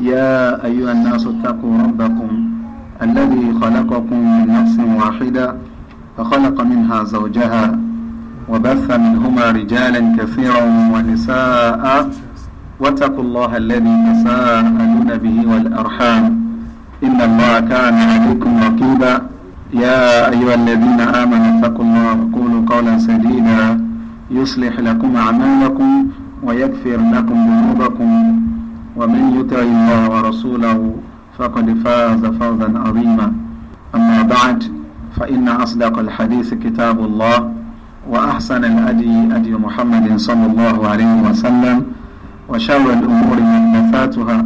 يا أيها الناس اتقوا ربكم الذي خلقكم من نفس واحدة فخلق منها زوجها وبث منهما رجالا كثيرا ونساء واتقوا الله الذي تساءلون به والأرحام إن الله كان عليكم رقيبا يا أيها الذين آمنوا اتقوا الله وقولوا قولا سديدا يصلح لكم أعمالكم ويغفر لكم ذنوبكم ومن يطع الله ورسوله فقد فاز فوزا عظيما أما بعد فإن أصدق الحديث كتاب الله وأحسن الأدي أدي محمد صلى الله عليه وسلم وشر الأمور محدثاتها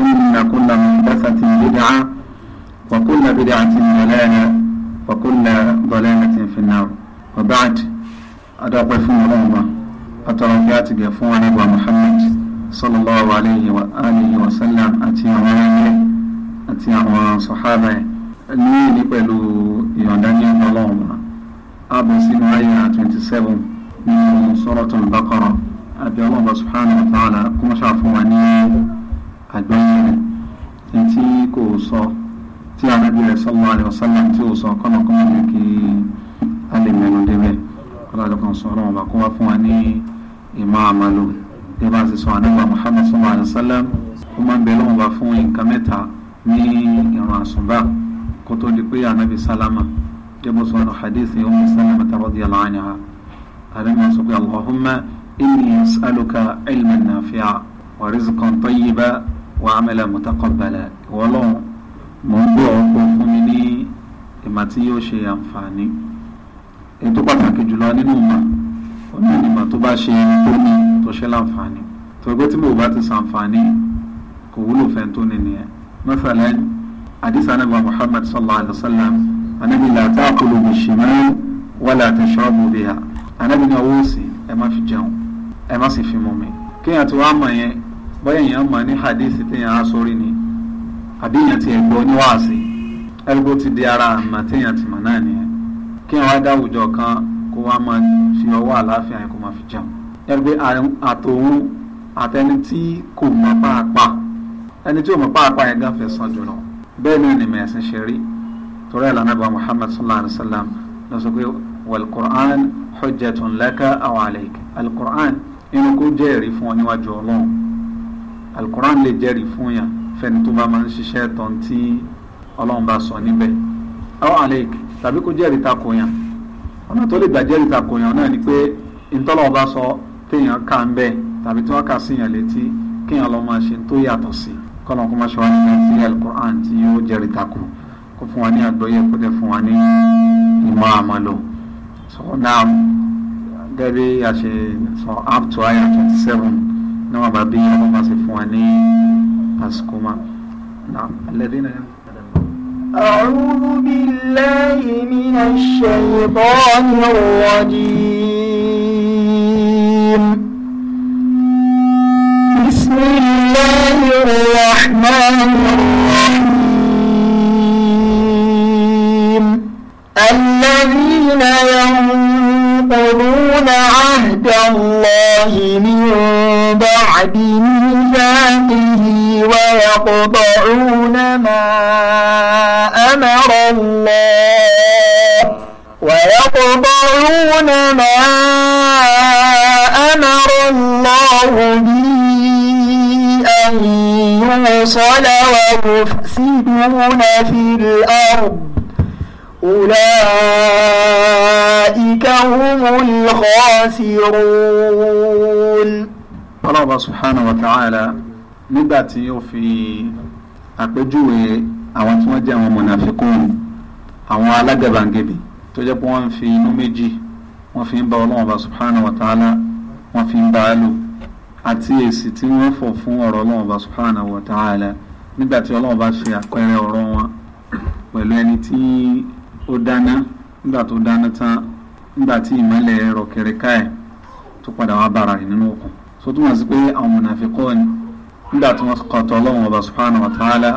إن كل محدثة بدعة وكل بدعة ضلالة وكل ضلالة في النار وبعد أدعو فون الله أتركاتك فون محمد sallallahu alayhi wa alihi wa sallam àti àwọn ẹgbẹ́ àti àwọn sọ̀hábà ẹ̀ ní ìní pẹ̀lú ìyọ̀ǹda ní ọlọ́run wa ààbò sínú àyà twenty seven nínú suratul baqara àbí ọlọ́run subhanahu wa ta'ala kó má ṣàfún wa ní àgbáyé rẹ̀ etí kò sọ tí anábì rẹ̀ sallallahu alayhi wa sallam tí ò sọ kọ́nàkọ́nà ní kí a lè mẹ́nu débẹ̀ kọ́nàkọ́nà sọ̀rọ̀ wọn bá kó wá fún wa ní ìmọ̀ àmàlò. nípasẹ̀ sọ ànábà Muhammad sallallahu alayhi wa sallam ó máa ń bẹ lọ́wọ́ bá fún nǹkan mẹ́ta ní ìrun àsùnbà kó tó di pé ànábì sálámà jẹ́bọ̀ sọ àná hadith ní Ummu Salama radiyallahu anha àdéhùn sọ pé Allahumma inni as'aluka ilman nafi'a wa rizqan tayyiba wa amalan mutaqabbala ìwọ́lọ́hún mò ń gbọ́ ọkọ̀ fún mi ní ìmọ̀ tí yóò ṣe àǹfààní ètò pàtàkì jùlọ nínú ìmọ̀ ọ̀nà ìmọ̀ tó bá ṣe tó ní tó ṣe láǹfààní tọ́gbẹ́ tí mo bá ti sàǹfààní kò wúlò fẹ́ tó ní nìyẹn. mẹ́fẹ̀lẹ́ àdìsá nàbà Muhammad sallallahu alayhi wa sallam anabi la ta'kulu bishimal wala tashrabu biha anabi ní ọwọ́ òsì ẹ má fi jẹun ẹ má sì fi mu mi. kéèyàn ti wá mọ̀ yẹn bọ́yá èèyàn mọ̀ ní hadith téèyàn á sórí ni àbí ti ẹ̀ gbọ́ níwáàsì ẹgbó ti di ara àmà téèyàn ti mọ̀ náà nìyẹn kéèyàn wá dáwùjọ kan kó wá máa fi ọwọ́ àlàáfíà yẹn kó máa fi jẹun ẹgbẹ́ àtòun àtẹni tí kò mọ̀ pàápàá ẹni tí ò mọ̀ pàápàá yẹn gáfẹ́ san jùlọ bẹ́ẹ̀ náà ni mẹ̀sìn ṣe rí torí ẹ̀ lànà bá Muhammad sallallahu alayhi wa sallam lọ sọ pé wàlùkùrán hujjatun laka aw alayk alùkùrán inú kó jẹ́rìí fún ọ níwájú ọlọ́run alùkùrán lè jẹ́rìí fún yàn fẹ́ni tó bá máa ń ṣiṣẹ́ tán tí ọlọ́run bá sọ níbẹ̀ aw alayk tàbí kó jẹ́rìí takò yàn ọ̀nà tó lè gbàjẹ́ ìta kòyàn náà ni pé ìtọ́lọ̀ ọba sọ téèyàn kà ń bẹ́ẹ̀ tàbí tí wọ́n kà sí yàn létí kéèyàn lọ máa ṣe tó yàtọ̀ sí kọ́nà kó má ṣe wá nípa ti alukur'an tí yóò jẹ́rì takò kó fún wa ní àgbọ́yé kó dẹ̀ fún wa ní ìmọ̀ àmàlò so now gẹ́gẹ́ bí a sọ up to aya twenty seven náà bàbá bí ọlọ́pàá ṣe fún wa ní àsìkò máa. نعم الذين ينفقون أعوذ بالله من الشيطان الرجيم بسم الله الرحمن الرحيم الذين ينقضون عهد الله من بعد ميثاقه ويقطعون ما أمر الله ويقطعون ما أمر الله به أن يوصل ويفسدون في الأرض أولئك هم الخاسرون الله سبحانه وتعالى nígbà tí ó fi àpèjúwe àwọn tí wọ́n jẹ́ àwọn mọ̀nàfíkún àwọn alágàbàǹgebè tó jẹ́ pé wọ́n ń fi inú méjì wọ́n fi ń bá ọlọ́run ọba subhanahu wa ta'ala wọ́n fi ń bá a lò àti èsì tí wọ́n fọ̀ fún ọ̀rọ̀ ọlọ́run ọba subhanahu wa ta'ala nígbà tí ọlọ́run bá ṣe àpẹẹrẹ ọ̀rọ̀ wọn pẹ̀lú ẹni tí ó dáná nígbà tó dáná tán nígbà tí ìmọ̀lẹ̀ tó nígbà tí wọ́n kọtọ ọlọ́run ọba subhanahu wa ta'ala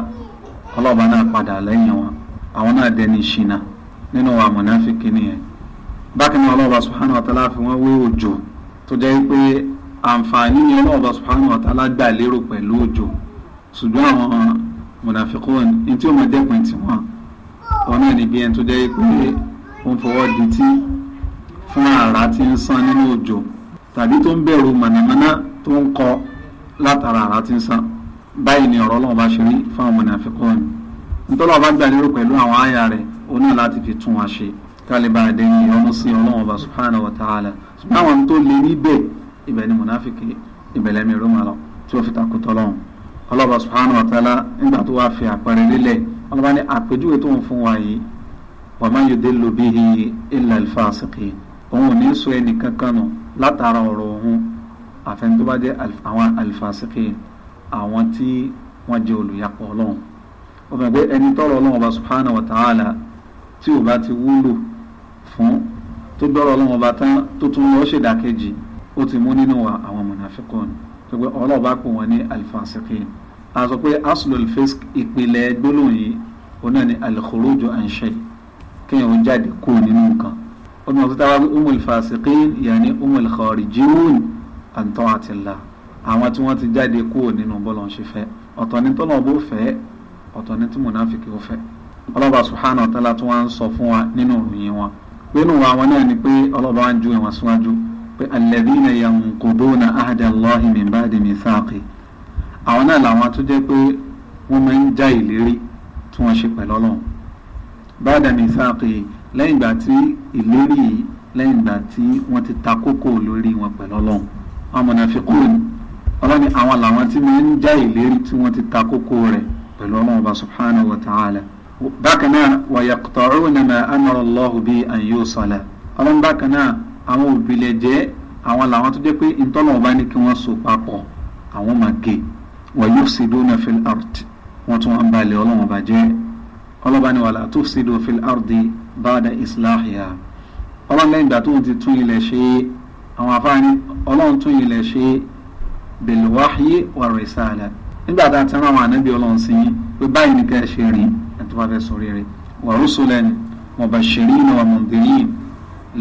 ọlọ́ọ̀bá náà padà lẹ́yìn wọn àwọn náà dẹni ṣìnà nínú wa mọ̀náfíkì nìyẹn bákan náà ọlọ́ọ̀bá subhanahu wa ta'ala fi wọ́n wé òjò tó jẹ́ pé àǹfààní ni ọlọ́ọ̀bá subhanahu wa ta'ala gbà lérò pẹ̀lú òjò ṣùgbọ́n àwọn mọ̀náfíkì ní tí ó mọ̀ dẹ́kun tiwọn wọn náà níbi ẹni tó jẹ́ pé wọ́n fọwọ́ di tí fún àrà tí ń san nínú òjò tàbí tó ń bẹ̀rù mọ̀nàmọ́ná tó ń kọ́ látara àrà tí ń san báyìí ni ọ̀rọ̀ ọlọ́run bá ṣe rí fáwọn mọ̀nàfíkọ́ ni nítorí ọba gbà lérò pẹ̀lú àwọn àyà rẹ̀ ó ní láti fi tún wa ṣe kálíbà àdéhùn ìyọnu sí ọlọ́run ọba subhanahu wa ta'ala ṣùgbọ́n àwọn tó lè rí bẹ́ẹ̀ ibẹ̀ ni mọ̀nàfíkì ìbẹ̀lẹ̀ mi ró máa lọ tí ó fi takò tọ́lọ́run ọlọ́ba subhanahu wa ta'ala nígbà tó wá àfẹn tó bá jẹ́ àwọn alifasikin àwọn tí wọ́n jẹ́ olùyapọ̀ ọlọ́run ó fẹ́ pé ẹni tọ́rọ ọlọ́run ọba subhanahu wa ta'ala tí ò bá ti wúlò fún tó gbọ́rọ̀ ọlọ́run ọba tán tó tún lọ́ọ́ ṣèdákejì ó ti mú nínú wa àwọn mọ̀nàfíkọ́n tó pé ọlọ́ọ̀bá pè wọ́n ní alifasikin a sọ pé aslul fisk ìpìlẹ̀ gbólóhùn yìí òun náà ni alikorojo àǹṣe kéèyàn ó jáde kúrò nínú nǹkan ó ní wọn tó táwa umul fasikin yàní umul kharijun àǹtọ́ àti ńlá àwọn tí wọ́n ti jáde kúrò nínú bọ́lọ̀ ń ṣe fẹ́ ọ̀tọ̀ ní tọ́lọ̀ bó fẹ́ ọ̀tọ̀ ní tí mùnáfíkì ó fẹ́ ọlọ́ba subhanahu wa ta'ala tí wọ́n ń sọ fún wa nínú ìròyìn wọn nínú àwọn náà ni pé ọlọ́ba ń ju ìwọ̀n síwájú pé alladhina yanquduna ahda Allahi min ba'di mithaqi àwọn náà làwọn tó jẹ́ pé wọ́n máa ń já ìlérí tí wọ́n ṣe pẹ̀lú ọlọ́run amọ̀nàfikún ọlọ́ni àwọn làwọn tí wọ́n ń já ìlérí tí wọ́n ti ta kókó rẹ̀ pẹ̀lú ọlọ́run ọba subhanahu wa ta'ala bákan náà wa yaqta'una ma amara Allahu bi an yusala ọlọ́run bákan náà àwọn òbílẹ̀ jẹ́ àwọn làwọn tó jẹ́ pé ìtọ́lọ̀ ọba ní kí wọ́n so papọ̀ àwọn máa gé wa yufsiduna fil ard wọ́n tún wọ́n balẹ̀ ọlọ́run ọba jẹ́ ọlọ́ba àwọn afáàní ọlọ́run tún ilẹ̀ ṣe bèlúwáhí wà rìsáàlà nígbà tá a ti rán àwọn ànábì ọlọ́run sí yín pé báyìí ni ká ẹ ṣe rìn ẹ tó bá fẹ́ sọ rere wà rúṣùlẹ̀n mọ̀bàṣirin wà mọ̀ndìrín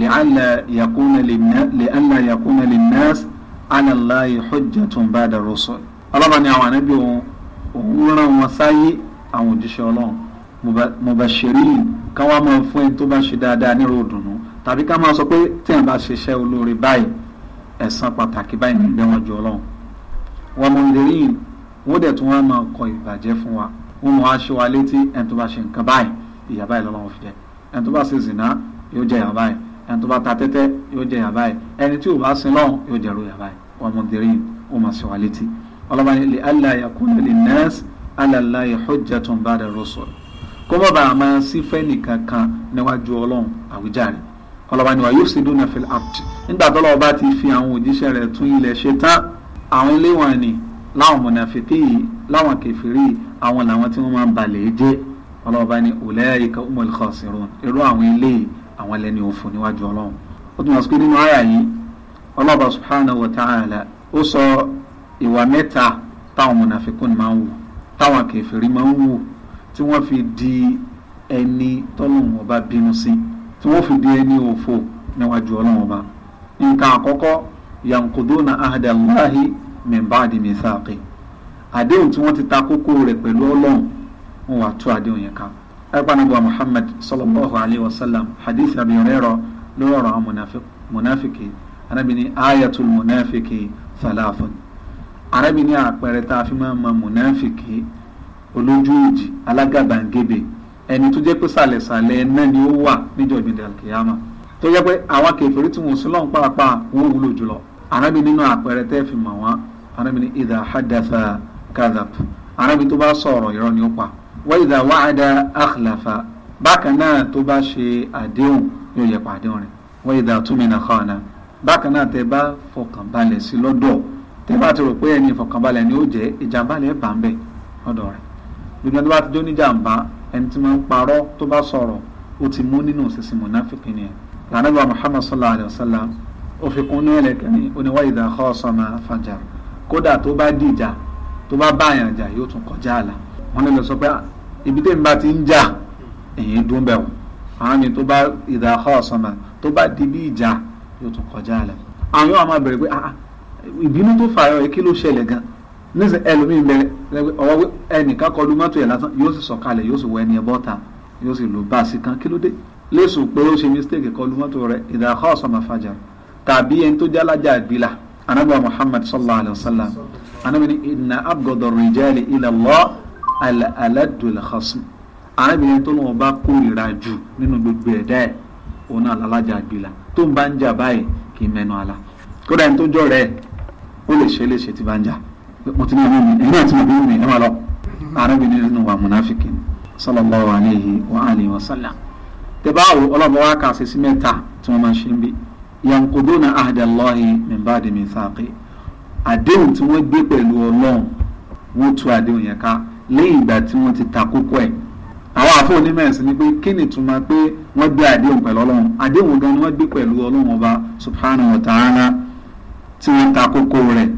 lẹ́àlá yakúnà lè nẹ́ẹ̀s alàláyé hujjá tó ń bá dà rúṣù. ọlọ́ba ni àwọn ànábì òun rán wọn sáyé àwọn òjíṣẹ́ ọlọ́run mọ̀bàṣirin káwọn máa fún ẹ tó bá ṣe dáadáa nírò òdùnnú tàbí ká máa sọ pé tí wọn bá ṣiṣẹ́ olóore báyìí ẹ̀san pàtàkì báyìí ní gbé wọn jọ Ọlọ́run wọn mọ nílé yìí wọn dẹ̀ tún wọn máa kọ ìbàjẹ́ fún wa wọn mọ aṣọ wa létí ẹni tó bá ṣe nǹkan báyìí ìyà báyìí lọ́wọ́ fi jẹ ẹni tó bá ṣe zìnà yóò jẹ ìyà báyìí ẹni tó bá ta tẹ́tẹ́ yóò jẹ ìyà báyìí ẹni tí ò bá sin lọ́hùn yóò jẹ ìyà báyìí wọn mọ nílé yìí wọn ala Allahi hujjatun ba'da rusul kó bàbá àmà sífẹ́ nìkan kan níwájú Ọlọ́run ọlọ́ba ni wà yóò ṣèdó náà fil ard nígbà tó lọ́wọ́ bá ti fi àwọn òjíṣẹ́ rẹ̀ tún ilẹ̀ ṣe tán àwọn ilé wọn ni láwọn mọ̀nàfíkì yìí láwọn kẹfìrí àwọn làwọn tí wọ́n máa ń balẹ̀ jẹ́ ọlọ́ba ni ulaika umul khasirun irú àwọn ilé àwọn ẹlẹ́ni òfò níwájú ọlọ́run ó tún wá sí pé nínú àyà yìí ọlọ́ba subhanahu wa ta'ala tí wọ́n fi di ẹni òfò níwájú ọlọ́run ọba nǹkan àkọ́kọ́ yankuduna ahadallahi min ba'di mithaqi àdéhùn tí wọ́n ti ta kókó rẹ̀ pẹ̀lú ọlọ́run wọn wà tú àdéhùn yẹn ká ẹgbàanabuwa muhammad sallallahu alayhi wa sallam hadith abi rẹ́rọ lórí ọ̀rọ̀ àwọn munafiki arábìnrin ayatul munafiki salafun arábìnrin àpẹẹrẹ tá a fi máa ma munafiki olójú ìjì alágàbàǹgebè ẹni tó jẹ́ pé sàlẹ̀sàlẹ̀ náà ni ó wà níjọ́ ìgbìndẹ̀ alkiyama tó jẹ́ pé àwọn kèfèrí tí wọ́n sílọ̀ ń pàápàá wọ́n wúlò jùlọ arábì nínú àpẹẹrẹ tẹ́ fi mọ̀ wọ́n arábì ní ìdá hadatha kadhab arábì tó bá sọ̀rọ̀ irọ́ ni ó pa wa ìdá wa'ada akhlafa bákan náà tó bá ṣe àdéhùn yóò yẹ pa àdéhùn rẹ̀ wa ìdá tumina khana bákan náà tẹ́ bá fọkànbalẹ̀ sí lọ́dọ̀ tẹ́ bá ti rò pé ẹni ìfọkànbalẹ̀ ni ó jẹ́ ìjàmbalẹ̀ bá lọ́dọ̀ rẹ̀ gbogbo ẹni tó bá ti jó níjàmbá ẹni tí wọ́n ń parọ́ tó bá sọ̀rọ̀ ó ti mú nínú sísìn mùnáfíkì ni ẹ̀ lànàbà muhammad sallallahu alayhi wa sallam ó fi kún ní ẹlẹ́kẹ̀rin oníwá ìdá khasama fajar kódà tó bá dìjà tó bá bá àyàn jà yóò tún kọjá àlà wọn lè sọ pé ah, ibi tẹ́mi bá ti ń jà èyí dún bẹ̀ wọ́n àwọn mi tó bá ìdá khasama tó bá di bí ìjà yóò tún kọjá àlà àwọn yóò máa bẹ̀rẹ̀ pé ah, ah, ìbínú tó fà nísìn ẹlòmíín bẹ̀rẹ̀ ọwọ́ ẹnìkan kọlu mọ́tò yẹn lásán yóò sì sọ̀kalẹ̀ yóò sì wọ ẹni ẹbọ ta yóò sì lò bá a sí kan kí ló dé lẹ́sùn pé ó ṣe mistake kọlu mọ́tò rẹ̀ ìdàkọ́ ọ̀sán àfàjà tàbí ẹni tó jálájà àgbìlà anábà muhammad sallallahu alayhi wa sallam anábì ní ìnà abgọ́dọ̀ rìjẹ́lì ila Allah aladul khasim anábì ní tó lọ́wọ́ bá kórìíra jù nínú gbogbo ẹ̀dá ẹ̀ òun náà tó ń bá ń jà báyìí kì í mẹ́nu àlà kódà ẹni tó jọ rẹ̀ ó lè ṣe é léṣe tí bá ń jà mo ti ní ìlú mi ẹ̀yin náà ti mọ̀ bí mi ẹ máa lọ. arábìnrin nínú wa munafiki sallallahu alayhi wa alihi wa sallam. tẹ́báwò ọlọ́mọ wa kà sí sí mẹ́ta tí wọ́n máa ṣe ń bí. yankuduna ahdallahi min ba'di mithaqi. àdéhùn tí wọ́n gbé pẹ̀lú ọlọ́run wọ́n tú àdéhùn yẹn ká lẹ́yìn ìgbà tí wọ́n ti ta kókó ẹ̀ àwọn àfọ onímọ̀ẹ̀sìn ni pé kí ni ìtumọ̀ pé wọ́n gbé àdéhùn pẹ̀lú ọlọ́run àdéhùn gan ni wọ́n gbé pẹ̀lú ọlọ́run ọba subhanahu wa ta'ala tí wọ́n ta kókó rẹ̀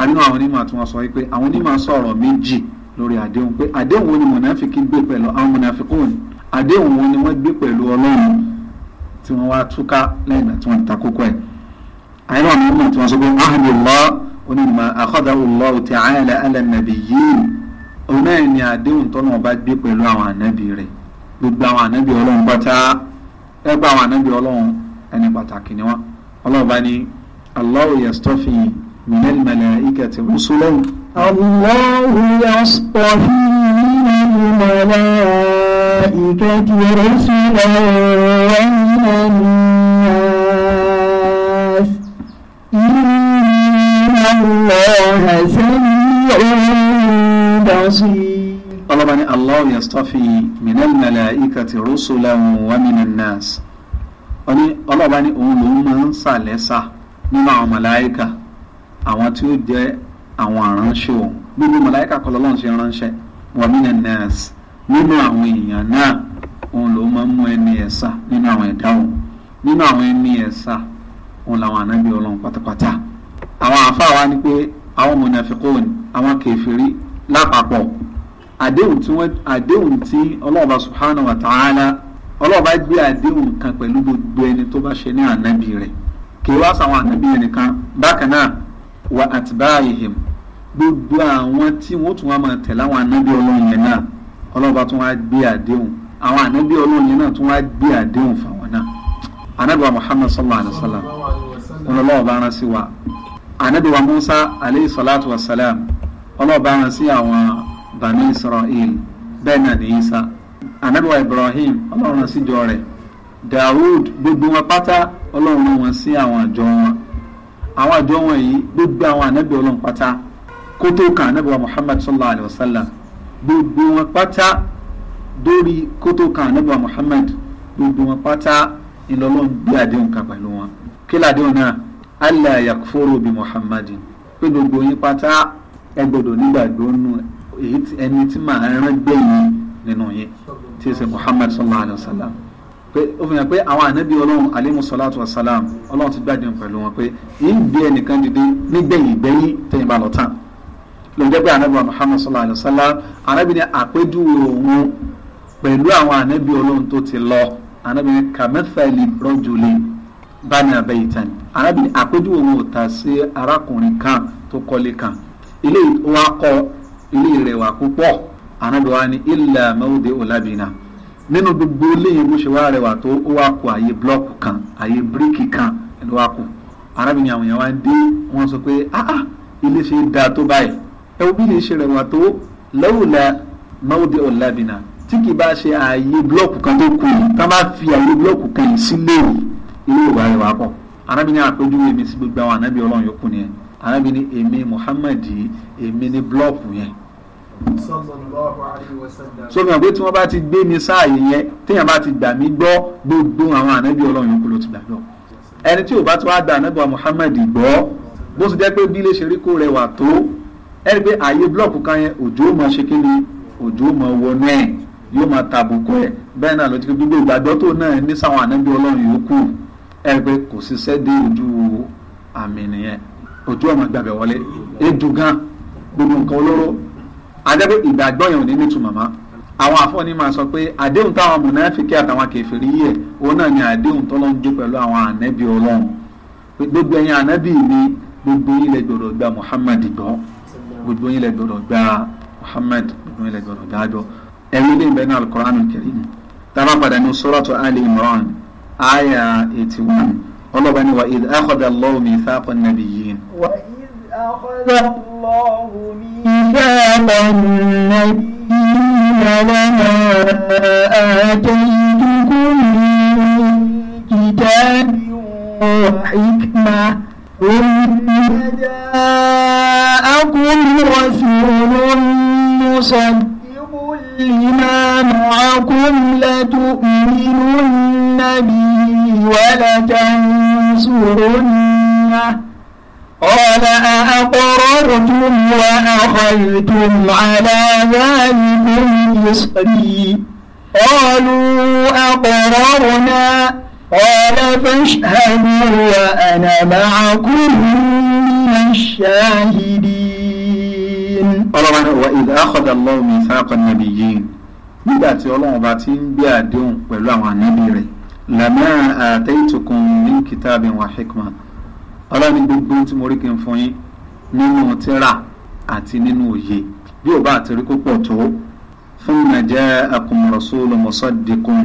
àrínú àwọn onímọ̀ àti wọn sọ wípé àwọn onímọ̀ sọ̀rọ̀ méjì lórí àdéhùn pé àdéhùn wo ni mọ̀nàfíkì gbé pẹ̀lú àwọn mọ̀nàfíkò ni àdéhùn wo ni wọ́n gbé pẹ̀lú ọlọ́run tí wọ́n wá túká lẹ́yìn náà tí wọ́n ta kókó ẹ̀. àyẹ̀wò àwọn onímọ̀ tí wọ́n sọ pé ahadullah onímọ̀ akhadahullahu ta'ala ala nabiyyin òun náà ni àdéhùn tọ́nà ọba gbé pẹ̀lú àwọn ànábì ni wọ́n ọlọ́run من الملائكة رسلا الله يصطفي من الملائكة رسلا ومن الناس إن الله سميع بصير طلبني الله يصطفي من الملائكة رسلا ومن الناس أني الله بني أولو من سالسة من الملائكة àwọn tí ó jẹ́ àwọn aránṣẹ́ òun gbogbo màláíkà kọ́ lọ́lọ́run ṣe ránṣẹ́ wa minan nas nínú àwọn èèyàn náà òun ló máa ń mú ẹni ẹ̀sà nínú àwọn ẹ̀dá òun nínú àwọn ẹni ẹ̀sà òun làwọn ànábì ọlọ́run pátápátá àwọn àáfàá wa ni pé àwọn mùnàfíkùn àwọn kèfèrí lápapọ̀ àdéhùn tí wọ́n àdéhùn tí ọlọ́ọ̀bá subhanahu wa ta'ala ọlọ́ọ̀bá gbé àdéhùn kan pẹ̀lú gbogbo ẹni tó bá ṣe ní ànábì rẹ̀ kì í wá sáwọn ànábì rẹ̀ bákan náà wa atba'ihim gbogbo àwọn tí wọ́n tún wá máa tẹ̀lé àwọn ànábì ọlọ́run yẹn náà ọlọ́run bá tún wá gbé àdéhùn àwọn ànábì ọlọ́run yẹn náà tún wá gbé àdéhùn fáwọn náà ànábì wa muhammad sallallahu alayhi wa sallam ọlọ́run bá rán sí wa ànábì wa musa alayhi salatu wa salam ọlọ́run bá rán sí àwọn bani israel bẹ́ẹ̀ náà ní isa ànábì wa ibrahim ọlọ́run rán sí jọ rẹ̀ daoud gbogbo wọn pátá ọlọ́run rán wọn sí àwọn àjọ wọn àwọn àjọ wọn yìí gbogbo àwọn ànábì ọlọ́run pátá kó tó kan ànábì wa muhammad sallallahu alayhi wa sallam gbogbo wọn pátá dórí kó tó kan ànábì wa muhammad gbogbo wọn pátá ìlọlọ́run gbé àdéhùn kan pẹ̀lú wọn kí ládéhùn náà allah yakfuru bi muhammadin pé gbogbo yín pátá ẹ gbọ́dọ̀ nígbàgbọ́ nù ẹni tí màá rán gbẹ̀yìn nínú yín tí ó ṣe muhammad sallallahu alayhi wa sallam pé ó fi hàn pé àwọn ànábì ọlọ́run alimusalatu wasalam ọlọ́run ti gbàdéhùn pẹ̀lú wọn pé yìí bí ẹnìkan dìde nígbẹ̀yìn gbẹ̀yìn tẹ̀yìn bá lọ tán ló ń jẹ́ pé ànábì wa muhammad sallallahu alayhi wa sallam ànábì ni àpéjúwe òun pẹ̀lú àwọn ànábì ọlọ́run tó ti lọ ànábì ni kàmẹ́fẹ́lì rọ́jòlè bani abẹ́yìtàn ànábì ni àpéjúwe òun ò ta sí arákùnrin kan tó kọ́lé kan ilé wa kọ́ ilé rẹwà púpọ̀ ànábì wa ni ilà mawdi olabina nínú gbogbo léyìn bó ṣe wá rẹwà tó ó wá kó àyè blọọkù kan àyè bíríkì kan ló wá kù arábìnrin àwọn èèyàn wá ń dé wọn sọ pé ah, ah ilé ṣe dáa tó báyìí ẹ wo bí ilé ṣe rẹwà tó lọ́wọ́lá máwòdì ọ̀làbìnà tí kì í bá ṣe àyè blọọkù kan tó kù tá bá fi àyè blọọkù kan yìí sílé ilé ìwà rẹwà pọ̀ arábìnrin àpéjúwe mi sí gbogbo àwọn ànábì ọlọ́run yòókù nìyẹn arábìnrin èmi Muhammad èmi ní blọọkù yẹn sọmi àgbẹ̀ tí wọ́n bá ti gbé mi sáàyè yẹn téèyàn bá ti gbà mí gbọ́ gbogbo àwọn ànábì ọlọ́run yòókù ló ti gbàgbọ́ ẹni tí ò bá ti wá gba ànábì Muhammad gbọ́ bó ti jẹ́ pé bí lè ṣe rí kó rẹwà tó ẹni pé ààyè blọọkù kan yẹn òjò máa ṣe kí ni òjò máa wọnú ẹ̀ yóò máa tàbùkù ẹ̀ bẹ́ẹ̀ náà ló ti fi gbogbo ìgbàgbọ́ tó náà ní sáwọn ànábì ọlọ́run yòókù ẹni pé kò ṣiṣẹ́ dé ojú gan gbogbo nǹkan olóró adẹ́gbẹ́ ìgbàgbọ́ yẹn ò ní nítumọ̀ mọ́ àwọn àfọ̀ní máa sọ pé àdéhùn táwọn mùnáfíkì àtàwọn kèfèrí yẹ̀ òun náà ni àdéhùn tọ́lọ́n jó pẹ̀lú àwọn ànábì ọlọ́run gbogbo ẹ̀yin ànábì mi gbogbo yín lẹ gbọ́dọ̀ gba Muhammad gbọ́ gbogbo yín lẹ gbọ́dọ̀ gba Muhammad gbogbo yín lẹ gbọ́dọ̀ gba gbọ́ ẹ̀rí lè bẹ́ẹ̀ ní Al-Qur'anul Karim tábà padà ní suratu Ali Imran aya eighty one ọlọ́ba ni wa idh akhadha Allahu mi. إذا ظنين لما آتيتكم من كتاب وحكمة ثم جاءكم رسول مصدق لما معكم لتؤمنن به ولتنصرنه قال أأقررتم وأخذتم على ذلكم إصري قالوا أقررنا قال فاشهدوا وأنا معكم من الشاهدين قال وإذ أخذ الله ميثاق النبيين nígbà tí ọlọ́run bá ti ń gbé àdéhùn pẹ̀lú àwọn ànábì rẹ̀ lama ataitukum min kitabin wa ọlọ́ni gbogbo tí mo rí kí n fún yín nínú tírà àti nínú òye bí ò bá àtẹ̀rí kó pọ̀ tó fún nàìjẹ́ akùnmọ̀rọ̀sọ́lọ́ mọ̀sọ́dẹ́kùn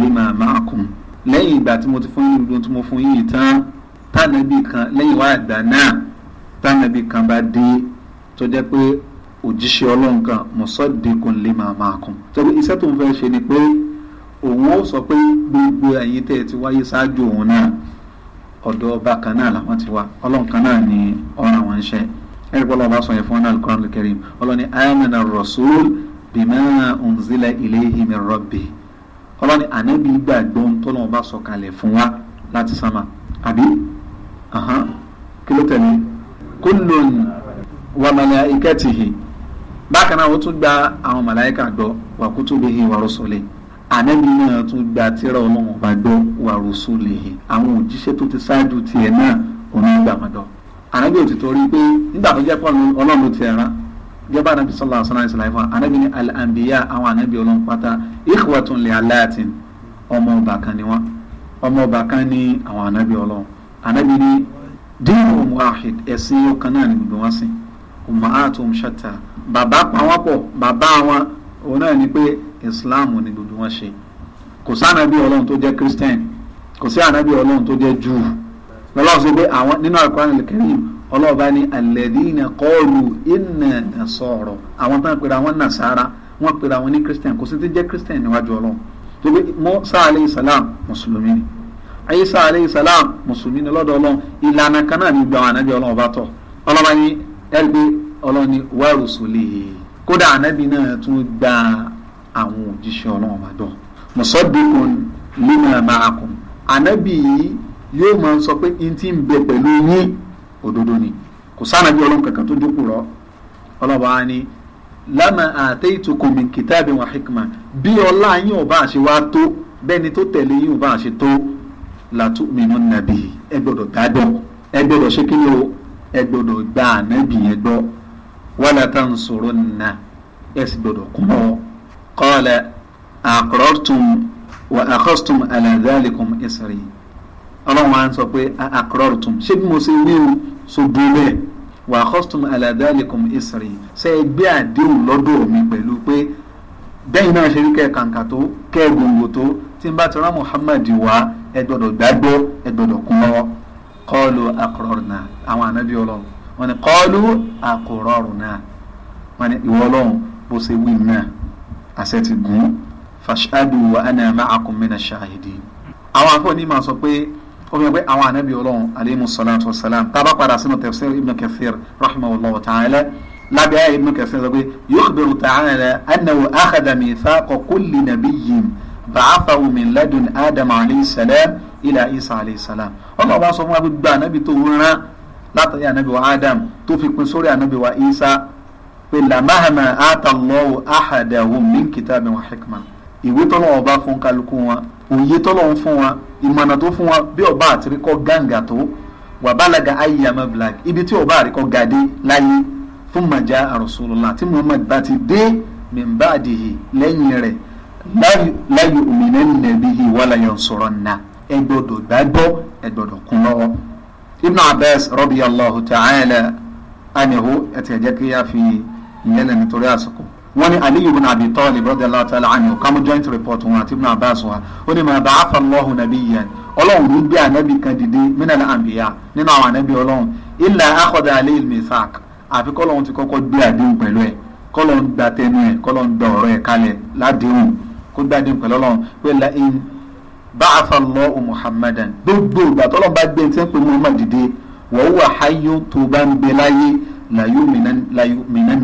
lima ma'akum lẹ́yìn ìgbà tí mo ti fún yín gbogbo tí mo fún yín tán tánàbì kan lẹ́yìn wá àgbà náà tánàbì kan bá dé tó jẹ́ pé òjíṣẹ́ ọlọ́run kan mọ̀sọ́dẹ́kùn lima ma'akum tó pé iṣẹ́ tó ń fẹ́ ṣe ni pé òun ó sọ pé gbogbo ẹ̀yin ti wáyé ṣáájú òun náà ọ̀dọ̀ ọba kan náà làwọn ti wá ọlọ́run kan ni ọ̀ràn wọn ṣe ẹ̀rí bọ́lá ọba sọ yẹn fún Al-Qur'an al ọlọ́ni amana rasul bima unzila ilayhi min rabbi ọlọ́ni ànábì gbàgbọ́ tọ́lọ́run bá sọ kalẹ̀ fún wa láti sánmà àbí kí ló tẹ̀lé kullun wa malaikatihi bákan náà ó tún gba àwọn màláìka gbọ́ ànábì náà tún gba tírà ọlọ́run bá gbọ́ wà rusulihi àwọn òjíṣẹ́ tó ti ṣáájú tiẹ̀ náà òun gbà wọn dọ̀ ànábì ò ti torí pé nígbà tó jẹ́ pọ́n ọlọ́run ti ẹ̀rán gẹ́gẹ́ bá ànábì sallallahu alaihi wasallam ànábì ní al-anbiya àwọn ànábì ọlọ́run pátá ikhwatun li alatin ọmọ ọba kan ni wọn ọmọ ọba kan ni àwọn ànábì ọlọ́run ànábì ní dínú wahid islam ni gbogbo wọn ṣe kò sànàbí ọlọ́run tó jẹ́ christian kò sí ànàbí ọlọ́run tó jẹ́ jew lọ́lọ́run sọ pé àwọn nínú Al-Qur'an al-Karim ọlọ́run bá ní alladhina qalu inna nasara àwọn tó ń pera wọn nasara wọn pera wọn ní christian kò sí ti jẹ́ christian níwájú ọlọ́run tó pé Mùsá aleyhi salam mùsùlùmí ni ayisa aleyhi salam mùsùlùmí ni lọ́dọ̀ ọlọ́run ìlànà kan náà ní gbogbo àwọn ànàbí ọlọ́run bá tọ̀ ọlọ́run bá ẹ̀rí pé ọlọ́run ní wa kódà ànàbí náà tún gbà àwọn òjíṣẹ́ ọlọ́run bá gbọ́ mọ̀sọ́dẹ́kùn lẹ́nu àmàràkùn ànábì yìí yóò máa sọ pé n ti ń bẹ pẹ̀lú yín òdodo ni kò sánàbí ọlọ́run kankan tó dínkù rọ ọlọ́ba á ní lámà àtẹ́yìntòkò min kitabin wa hikma bí ọlá yín ò bá ṣe wá tó bẹ́ni tó tẹ̀lé yín ò bá ṣe tó latu'minunna bihi ẹ gbọ́dọ̀ gbádọ̀ ẹ gbọ́dọ̀ ṣé kí ni o ẹ gbọ́dọ̀ gba ànábì yẹn gbọ́ wala tansurunna ẹ sì gbọ́dọ̀ kún قال أقررتم وأخذتم على ذلكم إسري ọlọ́run wa ń sọ pé أقررتم ṣé bí mo ṣe ní o so dúró bẹ́ẹ̀ wa أخذتم على ذلكم إسري ṣe é gbé àdéhùn lọ́dọ̀ mi pẹ̀lú pé bẹ́yìn náà ṣe rí kẹ́ kàǹkà tó kẹ́ gbòǹgbò tó tí n bá ti rán Muhammad wá ẹ gbọ́dọ̀ gbàgbọ́ ẹ gbọ́dọ̀ kún lọ́wọ́ qalu aqrarna àwọn ànábì ọlọ́run wọ́n ní qalu aqrarna wọ́n ní ìwọ ọlọ́run bó ṣe wí náà àṣẹ ti gùn fàṣádù wa ana ma'akum mina shahidin. àwọn afọ ní ma sọ pé ó fi hàn pé àwọn ànábì ọlọ́run aleyhimu salatu wa salam tá a bá padà sínú tafsir ibn kathir rahimahullah ta'ala lábẹ́ ayé ibn kathir sọ pé yukhbiru ta'ala annahu akhadha mithaqa kulli nabiyyin ba'athahu min ladun adam alayhi salam ila isa alayhi salam ọlọ́run bá sọ fún wa gbogbo ànábì tó ń látàrí ànábì wa adam tó fi pin sórí ànábì wa isa pé làmáhàmà àtàlọ́wọ́ àhàdàwọ̀ min kitabin wa hikma ìwé tọ́lọ́wọ́ bá fún kálukú wọn òye tọ́lọ́wọ́ fún wọn ìmọ̀nà tó fún wọn bí ọba àtìríkọ́ gàǹgà tó wà bálaga ayyama black ibi tí ọba àríkọ́ gàdé láyé fún màjá rasulullah tí muhammad bá ti dé min ba'dihi lẹ́yìn rẹ̀ láyò òmìnira bihi wala yansurunna ẹ gbọ́dọ̀ gbàgbọ́ ẹ gbọ́dọ̀ kún lọ́wọ́ ibn abbas radiyallahu ta'ala anhu ẹ̀tẹ̀jẹ́ kí a fi ìyẹn náà nítorí àsìkò wọ́n ní aliyu bin abi talib radiyallahu ta'ala anhu kàmú joint report wọn àti ibn abbas wa ó ní ma ba'atha Allahu nabiyyan ọlọ́run ló gbé ànábì kan dìde minal anbiya nínú àwọn ànábì ọlọ́run illa akhadha alayhi al àfi kọ́lọ́run ti kọ́kọ́ gbé àdéhùn pẹ̀lú ẹ̀ kọ́lọ́run gba tẹnu ẹ̀ kọ́lọ́run gba ọ̀rọ̀ ẹ̀ kalẹ̀ ládéhùn kó gbé àdéhùn pẹ̀lú ọlọ́run pé la in ba'atha Allahu muhammadan gbogbo ìgbà tọ́lọ́ láyúmìnà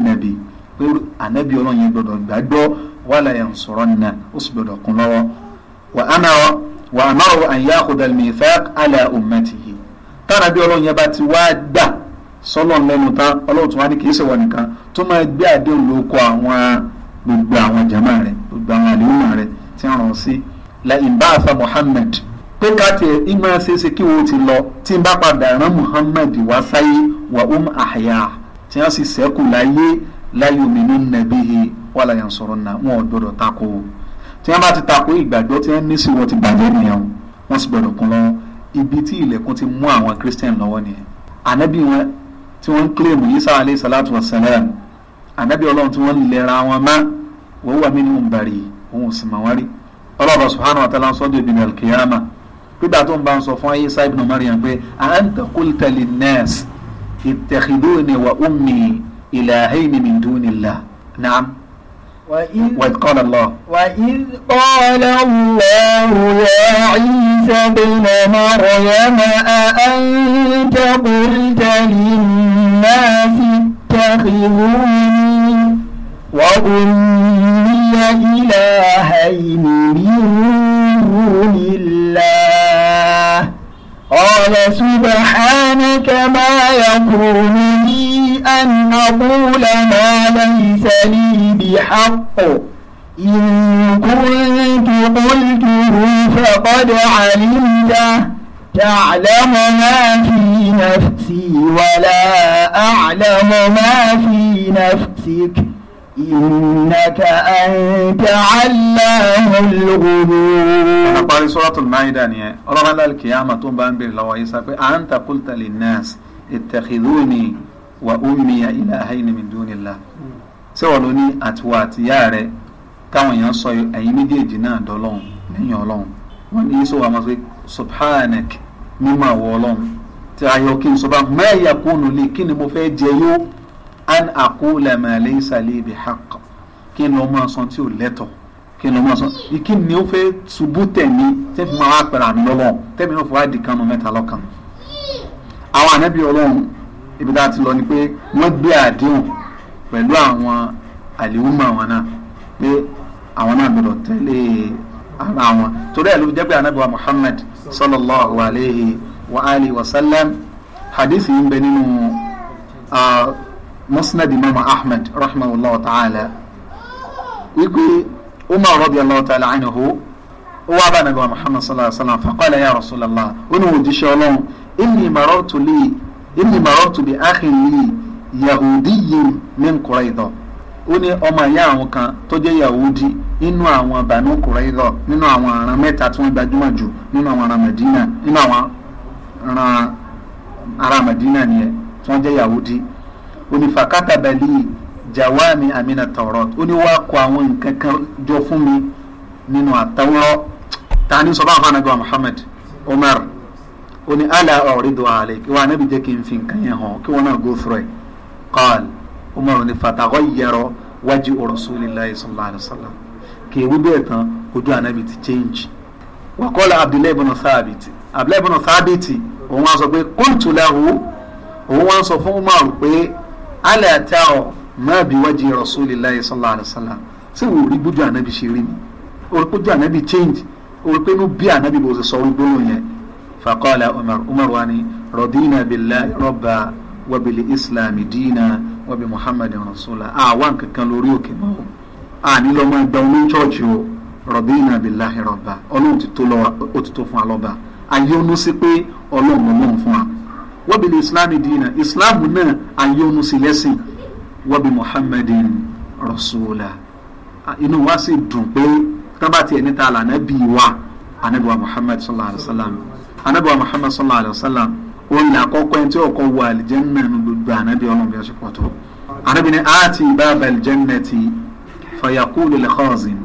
nàbì pé ànábì ọlọ́run yẹn gbọ́dọ̀ gbàgbọ́ wàlà yẹn sọ̀rọ̀ nínà ó sì gbọ́dọ̀ kún lọ́wọ́. wà á náà wà á máa an ya'khudha al-mithaq ala ummatihi tànàbí ọlọ́run yẹn bá ti wá gbà sọ́lọ̀ lẹ́nu tán ọlọ́run tó wá ní kì í ṣe wọ̀ nìkan tó máa gbé àdéhùn lóko àwọn gbogbo àwọn jama rẹ̀ gbogbo àwọn àdéhùn pé káàtì ẹ̀ ìmọ̀ ṣeéṣe kí wọ́n ti lọ tí n bá padà rán Muhammad wá sáyé wà um àyà tí wọ́n sì ṣẹ́kù láyé láyé òmìnú nàbíhi wà láyà ń sọ̀rọ̀ náà wọn ò gbọ́dọ̀ tako tí wọ́n bá ti tako ìgbàgbọ́ tí wọ́n ní sí wọn ti bàjẹ́ nìyẹn wọ́n sì gbọ́dọ̀ kún lọ́wọ́ ibi tí ilẹ̀kùn ti mú àwọn Christian lọ́wọ́ nìyẹn ànábì wọn tí wọ́n ń kílèmù Isa alayhi salatu wa salam ànábì ọlọ́run tí wọ́n lera wọn má wọ́n wà mí ní òǹbarì òun sì mà wọ́n rí ọlọ́run subhanahu wa ta'ala sọ́dọ̀ ìbìnrin alkiyama gbígbà tó ń bá ń sọ fún Isa ibn Maryam pé anta qulta linnas ittakhiduni wa ummi ilahayni min dunillah na'am. وإذ قال الله وإذ قال الله يا عيسى ابن مريم أأنت قلت للناس اتخذوني وأمي إلهين من دون الله قال سبحانك ما يكون لي أن أقول ما ليس لي بحق إن كنت قلته فقد علمته تعلم ما في نفسي ولا أعلم ما في نفسك إنك أنت علام الغيوب أنا قاري سورة المائدة نية الله على القيامة تنبان بالله عيسى أنت قلت للناس اتخذوني وأمي إلهين من دون الله سوى لوني أتوات ياري káwọn èèyàn sọ ẹ̀yin méjèèjì náà dọ́lọ́hún lẹ́yìn ọlọ́hún wọ́n ní sọ wàá máa sọ subhanak mímọ́ àwọ̀ ọlọ́hun tí ayọ̀ kí n sọ bá mẹ́ẹ̀yà kúnnù lè kí ni mo fẹ́ jẹ yóò an aqula ma laysa li bi haqq kí n lọ máa sọ tí ò lẹ́tọ̀ kí n lọ máa sọ kí ni ó fẹ́ ṣubú tẹ̀mí tẹ́ fi máa wá pẹ̀lú àmì lọ́wọ́ tẹ́mi náà fi wá di kanu mẹ́ta lọ́kàn. àwọn ànábì ọlọ́run ibi tá a ti lọ ni pé wọ́n gbé àdéhùn pẹ̀lú àwọn àlèhùnmọ̀ àwọn náà pé àwọn náà gbọdọ̀ tẹ̀lé ara wọn torí ẹ̀ ló jẹ́ pé ànábì wa Muhammad sallallahu alayhi wa alihi wa sallam hadith musnad imam ahmed rahimahullah ta'ala wípé umar radiyallahu ta'ala anhu ó wá bá nàgbà muhammad sallallahu alayhi wa sallam faqala ya rasulallah ó ní òjíṣẹ́ ọlọ́run inni marartu li inni marartu bi akhin li yahudiyyin min quraidah ó ní ọmọ ìyá àwọn kan tó jẹ́ yahudi nínú àwọn banu quraidah nínú àwọn aràn mẹ́ta tí wọ́n gbajúmọ̀ jù nínú àwọn ará madina nínú àwọn ará madina nìyẹn tí wọ́n jẹ́ yahudi onífàkàtà balẹ̀ jawami amina tawrat ó ní wàá kọ àwọn nǹkan kan jọ fún mi nínú àtàwọ́rọ́ ta sọ báwọn fanagba muhammad umar ó ní ala ọ̀rìndò àlẹ́ kí wọ́n anábì jẹ́ kí n fi nǹkan yẹn hàn kí wọ́n náà go through it qaal umar ní fatahọ́ yẹrọ wájú rasulillahi sallallahu alayhi wa sallam kì í tán ojú anábì ti change wàkọ́lá abdullahi ibn thabit abdullahi ibn thabit òun wá sọ pé kóńtù lahu òun wá sọ fún umar pé ala taro ma bi waji rasulillahi sallallahu alaihi wasallam ṣé wò rí gbójú ànábì ṣe rí ni orí gbójú ànábì change orí pé inú bí ànábì bó ṣe sọ orí gbóná yẹn faqala umar umar wani radina billahi rabba wa bil islam dina wa bi muhammadin rasula àwa nkankan lórí òkè mọ́ o àní lọ́mọ ẹgbẹ́ oní chọ́ọ̀chì o radina billahi rabba ọlọ́run ti tó fún wa lọ́ba ayé onú sí pé ọlọ́run lọ́mọ fún wa wọ́n bẹ̀rẹ̀ islam dina islam náà àyọ̀nù sí lẹ́sìn wọ́n bẹ̀ muhammadin rasuula inú wa sì dùn pé tábà tiẹ̀ níta àlànà bíi wa anabiwa muhammad sallallahu alayhi wa sallam anabiwa muhammad sallallahu alayhi wa sallam òun ni àkọ́kọ́ ẹni tí ọkọ̀ wọ àlìjẹ́nà nínú gbogbo ànábì ọlọ́run bí wọ́n ṣe ni àti bàbá àlìjẹ́nà ti fàyàkú lil khazin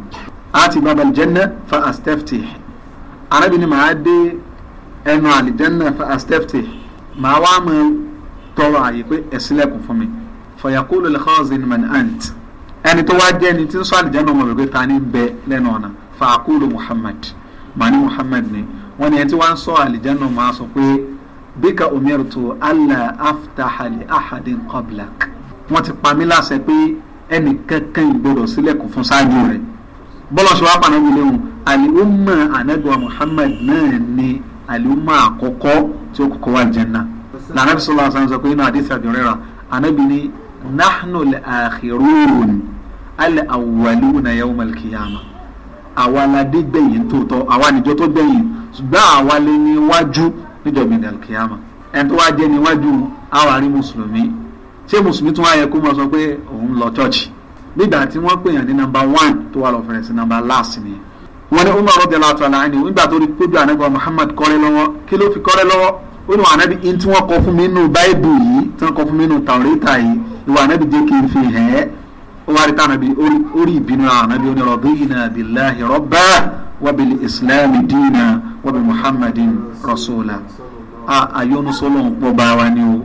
àti bàbá fa astaftih ànábì ni màá dé ẹnu àlìjẹ́nà fa astaftih màá wá mọ tọrọ àyè pé ẹ ṣílẹ̀kùn fún mi fọyàkúlò lè xọ́ọ̀sì ni man ant ẹni tó wá jẹ́ ni tí ń sọ àlìjáná ọmọ rẹ̀ pé ta ni bẹ lẹ́nu ọ̀nà fàákúlò muhammad mani muhammad ni wọ́n ní ẹni tí wọ́n ń sọ àlìjáná ọmọ sọ pé bíkà umirtu allah aftahali ahadin qablak wọ́n ti pa mí láṣẹ pé ẹnì kankan ìgbọ́dọ̀ ṣílẹ̀kùn fún ṣáájú rẹ̀ bọ́lá ṣe wá pàdánù léwu àlè ó mọ àlùmọ àkọ́kọ́ tí ó kọ́kọ́ wà jẹnà lànàbí sọlá àṣàyàn sọ pé nínú àdìsí àbẹrẹra ànábì ni nahnu al-akhirun al-awwaluna yawm al-qiyamah àwa la dé gbẹ̀yìn tòótọ́ àwa níjọ tó gbẹ̀yìn ṣùgbọ́n àwa lè níwájú níjọba ìdàlùkìyàmà ẹni tó wá jẹ́ níwájú àwa rí mùsùlùmí ṣé mùsùlùmí tún wá kó mọ sọ pé òun lọ chọ́ọ̀chì nígbà tí wọ́n pèèyàn ní nọ́mbà one tó wà lọ fẹ̀rẹ̀ sí nọ́mbà last nìyẹn wọn ni umar radiyallahu ta'ala anhu nígbà tó rí kójú ànágbà muhammad kọ́rẹ́ lọ́wọ́ kí ló fi kọ́rẹ́ lọ́wọ́ ó ní wọn ànábi in tí wọ́n kọ fún mi nù báìbù yìí tí wọ́n kọ fún mi nù tàwérétà yìí ìwà ànábi jẹ́ kí fi hẹ́ ẹ́ ó wá rí tànábi ó rí ìbínú ànábi ó ní radina billahi rabba wa bil dina wa bi rasula àyọnu sọlọ ń pọ̀ bá wa ni o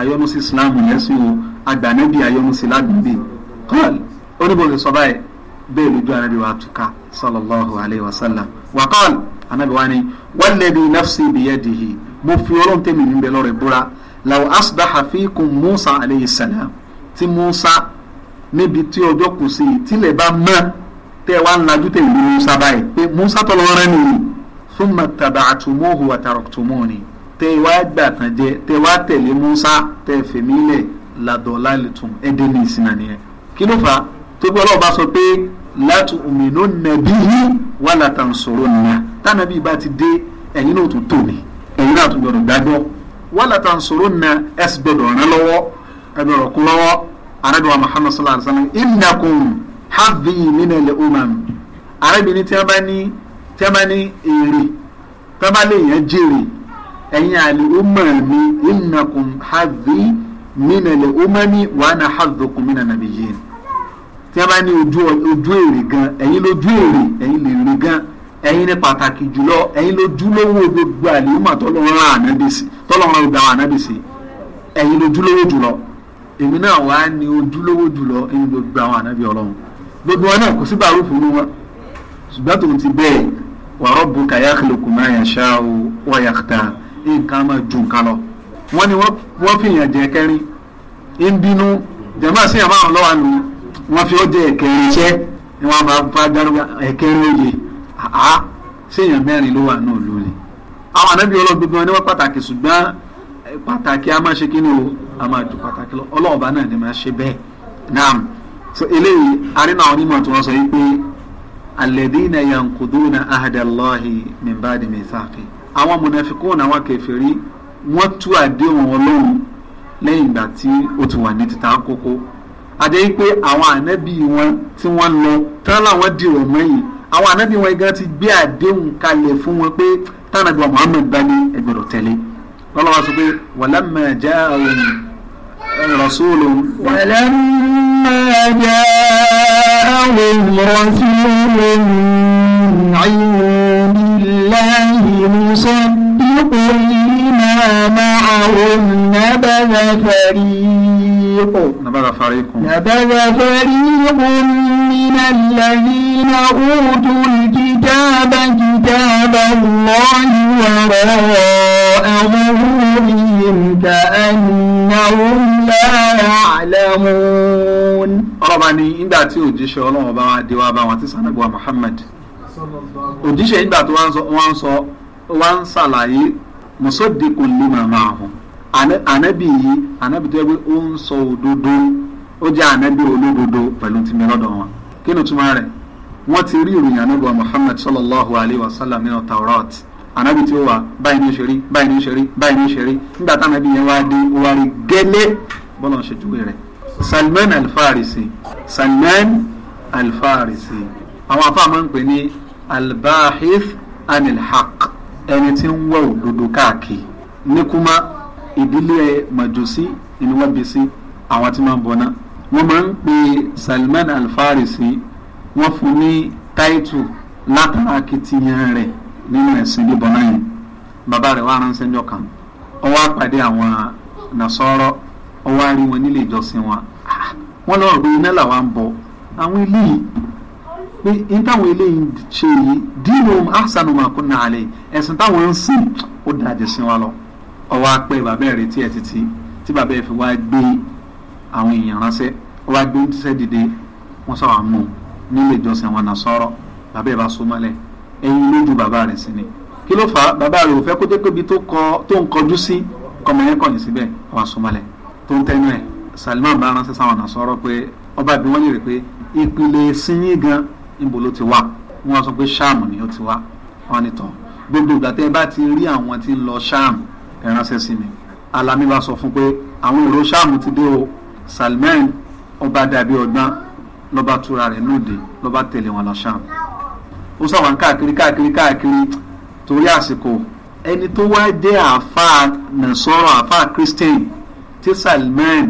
àyọnu sí islam lẹ́sìn o àgbànẹ́bí àyọnu sí lágbàdì kọ́ọ̀lì oníbòsí sọ báyìí bẹ́ẹ̀ lójú anabi wa tuka sallallahu alayhi wa sallam wakọ́l anabi wa ni walladhi nafsi biyadihi mo fi ọlọ́run tẹ̀mí mi bẹ́ẹ̀ lọ́rẹ̀ búra law asbaha fikum musa alayhi salam ti musa níbi tí ọjọ́ kù sí tílẹ̀ bá mọ́ tẹ́ wá ń lajú tẹ̀lé musa báyìí pé musa tọ́lọ́ rẹ́ nìyí thumma tabactumuhu wa taraktumuni tẹ́ wá gbà tán jẹ tẹ́ wá tẹ̀lé musa tẹ́ fèmí ladọ̀ọ́lá lẹ́tùn ẹ̀dẹ́ ní ìsìn náà kí ló fà á tó gbọ́ ọlọ́ọ̀bá sọ pé látò òmìnira nàbí yìí wà látàn sọ̀rọ̀ nà tànàbí bá ti dé ẹ̀yin náà tún tò ní ẹ̀yin náà tún gbọdọ̀ gbàgbọ́ wà látàn sọ̀rọ̀ nà ẹ̀sì gbọdọ̀ ràn lọ́wọ́ ẹ̀gbọ̀rọ̀ kún lọ́wọ́ arábìnrin muhammad sallallahu alayhi wa sallam ìnàkùn hàbí ìmínà ilẹ̀ umam arábìnrin tí a bá ní tí a bá ní èrè tí a bá lè yàn jèrè ẹ̀yin àlè umar mi ìnàkùn hàbí ìmínà ilẹ̀ umami wà á na hàbí òkùnmínà tí wọ́n bá ní ojú èrè gan ẹ̀yin lójú èrè ẹ̀yin lè rè gan ẹ̀yin ní pàtàkì jùlọ ẹ̀yin lójú lówó gbogbo àlèémà tọ́lọ́run ànádèsí tọ́lọ́run ọ̀dà ànádèsí ẹ̀yin lójú lówó jùlọ èmi náà wà á ní ojú lówó jùlọ ẹ̀yin gbogbo àwọn ànábì ọlọ́run gbogbo wọn náà kò sí bàrú fún wọn ṣùgbọ́n tòun ti bẹ́ẹ̀ wa rabbuka yakhluqu ma yasha'u wa yakhtar nǹkan máa ju nǹkan lọ wọ́n ní wọ́n fìyàn jẹ kẹrin ń bínú jẹ̀mọ́ sí àbáwọn lọ́wọ́ àlùyìn wọ́n fi ó jẹ ẹ̀kẹrin iṣẹ́ ni wọ́n bá bá dárúgbà ẹ̀kẹrin oyè àá séèyàn mẹ́rin ló wà náà lónìí. àwọn ànábì ọlọ́gbọ́n wọn ni wọ́n pàtàkì ṣùgbọ́n eh, pàtàkì a máa ṣe kí ni o a máa ju pàtàkì lọ ọlọ́ọ̀bá náà ni máa ṣe bẹ́ẹ̀ naam so eléyìí arínà onímọ̀ tí wọ́n sọ yìí pé alladhina yankuduna ahdallahi min ba'di mithaqi àwọn munafikun àwọn kèfèrí wọ́n tú àdéhùn ọlọ́run lẹ́yìn àjẹ́ pé àwọn ànábì wọn tí wọ́n lọ tán láwọn dìrọ̀ mọ́yìn àwọn ànábì wọn gan ti gbé àdéhùn kalẹ̀ fún wọn pé tánàbí wa Muhammad bá ní ẹgbẹ̀rún tẹ́lẹ̀ lọ́lọ́wọ́ sọ pé walamma ja'ahum rasulun. walamma ja'ahum rasulun ayélujára musaddiqun lima ma'ahum nabadha fariq. فريق نبذ فريق نبذ فريق من الذين أوتوا الكتاب كتاب الله وراء ظهورهم كأنهم لا يعلمون ọlọ́ba ni nígbà tí òjíṣẹ́ ọlọ́run bá wá dé wá bá wọn tí sanagba Muhammad òjíṣẹ́ nígbà tó wá ń sọ wá ń ṣàlàyé mùsọ̀dẹ́kùn lè máa máa hàn ànábì yìí ànábì tó yẹ pé ó ń sọ òdodo ó jẹ́ ànábì olódodo pẹ̀lú tìmí lọ́dọ̀ wọn kí ni túmọ̀ rẹ̀ wọ́n ti rí ìròyìn ànábì wa Muhammad sallallahu alayhi wa sallam nínú Taurat ànábì tí ó wà báyìí ní ṣe rí báyìí ní ṣe rí báyìí ní ṣe rí nígbà táwọn ẹbí yẹn wá dé ó wá rí gẹ́lẹ́ bọ́lá ń ṣèjúwe rẹ̀ Salman al Salman al àwọn afá máa ń pè ní al-bahith ẹni tí ń wá òdodo káàkiri ní kúmá ìdílé majusi ni wọ́n bí sí àwọn tí máa ń bọ̀ náà wọ́n máa ń pe Salman Al-Farisi wọ́n fún ní táìtù látara akitiyan rẹ̀ nínú ẹ̀sìn bíbọ̀ náà yẹn bàbá rẹ̀ wá ránṣẹ́ ńjọ́ kan ó wá pàdé àwọn nàṣọ́rọ́ ó wá rí wọn nílé ìjọsìn wọn ah, wọ́n lọ́ọ́ rí iná làwọn ń bọ̀ àwọn eléyìí pé n táwọn eléyìí ṣe yìí dínú ahsanu ma kunna alayhi ẹ̀sìn táwọn ń sìn ó dàjẹ́ sí wọn lọ ọwọ́ apẹ́ bàbá ẹ̀ retí ẹ̀ títí tí bàbá ẹ̀ fi wá gbé àwọn èèyàn ránṣẹ́ ọwọ́ agbé ń tíṣẹ́ dìde wọ́n sọ àwọn mú nílé ìjọsìn àwọn nàṣọ́rọ̀ bàbá ẹ̀ bá so mọ́lẹ̀ ẹ̀yin lójú bàbá rẹ̀ sí ni kí ló fà á bàbá rẹ̀ ò fẹ́ kó jẹ́ tó ń kọjú sí kọmọ yẹn kọ̀yìn síbẹ̀ ọwọ́ so mọ́lẹ̀ tó ń tẹ́nu ẹ̀ Salman bá ránṣẹ́ sáwọn nàṣọ́rọ̀ pé ọba bí wọ́n lè rí pé ìpìlẹ̀ sínyìn gan níbo ló ti wá wọ́n sọ pé ṣáàmù ni ó ti wá wọ́n ní tán gbogbo ìgbà tẹ́ bá ti rí àwọn tí ń lọ ṣáàmù ẹ̀ránṣẹ́ sí mi alami bá sọ fún pé àwọn òró sáàmù ti dé o salman ọba dàbí ọgbọ́n lọ́ba tura rẹ̀ lóde lọ́ba tẹ̀lé wọn lọ sáàmù ó sọ wọn káàkiri káàkiri káàkiri torí àsìkò ẹni tó wá dé àáfàá nàṣọ́rọ̀ àáfàá christian tí salman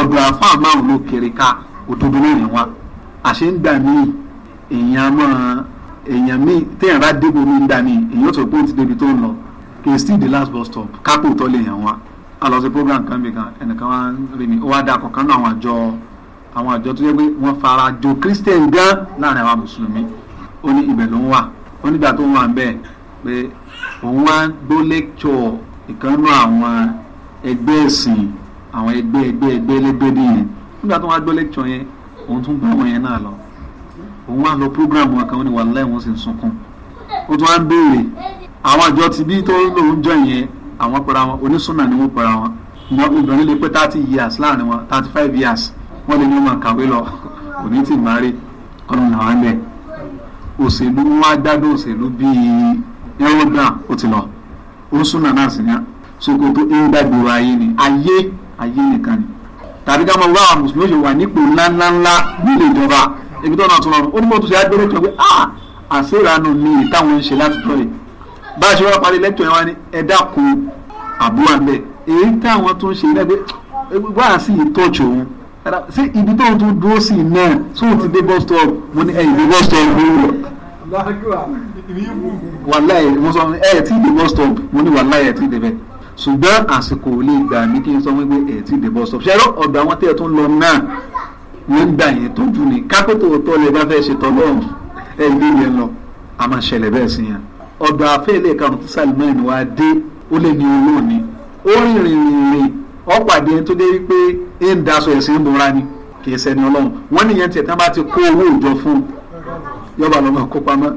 ọ̀dọ̀ àáfàá márùn ló kiri ká òdodo lónìí wa àṣẹ ń gbà mí èèyàn mọ́ èèyàn mí téèyàn bá débo mi ń dà mí èèyàn tó gbóhùn ti débi tó ń lọ kì í still the last bus stop kápò tó lè yàn wá a lọ sí program kan bí kan ẹnìkan wá rí mi ó wá dà kọ̀ọ̀kan náà àwọn àjọ àwọn àjọ tó yẹ pé wọ́n fara jọ christian gan láàrin àwọn mùsùlùmí ó ní ibẹ̀ ló ń wà ó nígbà tó ń wà bẹ́ẹ̀ pé òun wá gbọ́ lecture ìkànnú àwọn ẹgbẹ́ ẹ̀sìn àwọn ẹgbẹ́ ẹgbẹ́ ẹgbẹ́ ẹlẹ́gbẹ́dì yẹn nígbà tó wá gbọ́ lecture yẹn òun tún bá wọn yẹn náà lọ òun wá lọ program wọn kan ó ní wàhálà ẹ̀ wọ́n sì ń sunkún ó tún wá ń béèrè àwọn àjọ ti bí tó ń lò ń jọ yẹn àwọn pẹ̀lú àwọn onísùnà ni wọ́n pẹ̀lú àwọn wọn obìnrin lè pé thirty years láàrin wọn thirty five years wọ́n lè ní wọn kàwé lọ kò ní tì máa rí ọdún náà ń bẹ̀ òṣèlú wọn á dádó òṣèlú bíi ẹ̀rọ̀dàn ó ti lọ onísùnà náà sì ní sokoto ẹ̀ńdà gbòòrò ayé ni ayé ayé nìkan ni tàbí ká máa wá àwọn mùsùlùmí yóò wà nípò ńláńláńlá nílé ìjọba ibi tó náà tún lọ ó ní mọ́tò ṣe á gbé lókè pé ah, àṣírànù ni ìtàwọn ń ṣe láti tọ́ bá a ṣe wá parí lẹ́tọ̀ yẹn wá ní ẹ̀dá kù àbúrò àbẹ̀ èyí táwọn tún ṣe lẹ́gbẹ́ wá sí ìtọ́jú òun sí ibi tó ń tún dúró sí náà sóun ti dé bus stop mo ní ẹ̀yìn dé bus stop mo lọ. wàláyé mo sọ ẹ̀ tí dé bus stop mo ní wàláyé ẹ̀ tí ì dé bẹ́ẹ̀ ṣùgbọ́n àsìkò ò lè gbà mí kí n sọ wípé ẹ̀ tí ìdìbò sọ ṣẹ́rọ ọ̀dọ̀ àwọn tẹ́ ẹ tún lọ náà wọ́n ń gbà yẹn tójú ni kápẹ́tò tó lè bá fẹ́ ṣe tọ́lọ́run ẹ̀ gbé yẹn lọ a máa ṣẹlẹ̀ bẹ́ẹ̀ sí yẹn. ọ̀dọ̀ àfẹ́lẹ́ karùn tó tí Salman wá dé ó lè ní ni ó rìn rìn ọ̀pàdé tó dé wípé ẹ ń daṣọ ẹ̀sìn ìbora ni kì í sẹ́ni ọlọ́run wọ́n nìyẹn tiẹ̀ tán bá ti kó owó òjọ fún yọba lọ́mọ kó pamọ́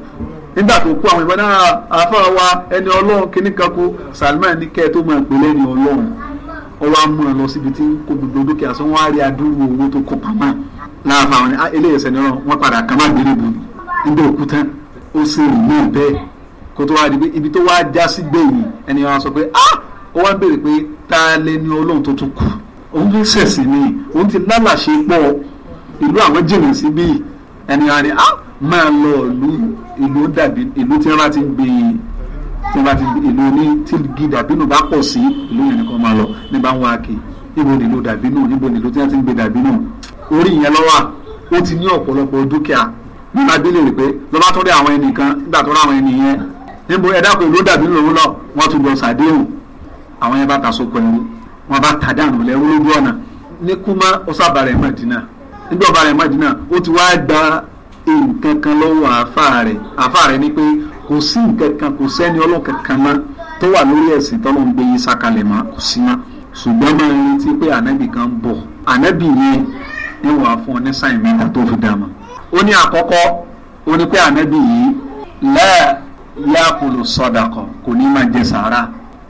nígbà tó kó àwọn ìbọn ẹni ọlọ́run kíní kan kó Salman ní kẹ́ tó máa pè lẹ́ni ọlọ́run ẹ lọ síbi tí kò gbogbo dúkìá sọ á rí adúrú owó tó kó pamọ́ láàfà ah, eléyìí ọlọ́run kó tó wá di pé ibi tó wá já sí gbé yìí ẹni wọn sọ pé ah ó wá ń béèrè pé ta lè ní olóhùn tó tún kù òun ló ṣẹ̀sì ni òun ti lálàṣe pọ̀ ìlú àwọn jìnnà sí bí ẹni wọn ni ah máa lọ ìlú ìlú dàbí ìlú tí wọn ti ń gbé tí wọn ti ìlú ní tí gidà bínú bá pọ̀ sí ìlú yẹn nìkan máa lọ ní bá ń wá kí níbo nílò dàbí nù níbo nílò tí wọn ti ń gbé dàbí nù orí ìyẹn lọ́wọ́ ó ti ní ọ̀pọ̀lọpọ̀ dúkìá nígbà bí lè rí pé lọ́ba tó rí àwọn ẹnì kan nígbà tó rí àwọn ẹnì yẹn níbo ẹ̀dá kò ló dàbí lòun lọ wọ́n tún jọ sàdéhùn àwọn yẹn bá ta sóko ẹ̀rú wọ́n bá ta dànù lẹ́rú lójú ọ̀nà ní kúmá ó sàbàrẹ̀ mọ̀dínà nígbà ọ̀bàrẹ̀ mọ̀dínà ó ti wá gba nǹkan kan lọ́wọ́ àáfàá rẹ̀ àáfàá rẹ̀ ni pé kò sí nǹkan kan kò sẹ́ni ọlọ́kankan mọ́ tó wà lórí ẹ̀sìn tọ́lọ́ ń gbé yín sákalẹ̀ mọ́ kò sí mọ́ ṣùgbọ́n máa ń retí pé ànábì kan bọ̀ ànábì yẹn ni wàá fún ọ ní sáìn mẹ́ta tó fi dà mọ́ ó ní àkọ́kọ́ ó ní pé ànábì yìí lẹ́ẹ̀ yaakulu sọdakọ kò ní máa jẹ sàrà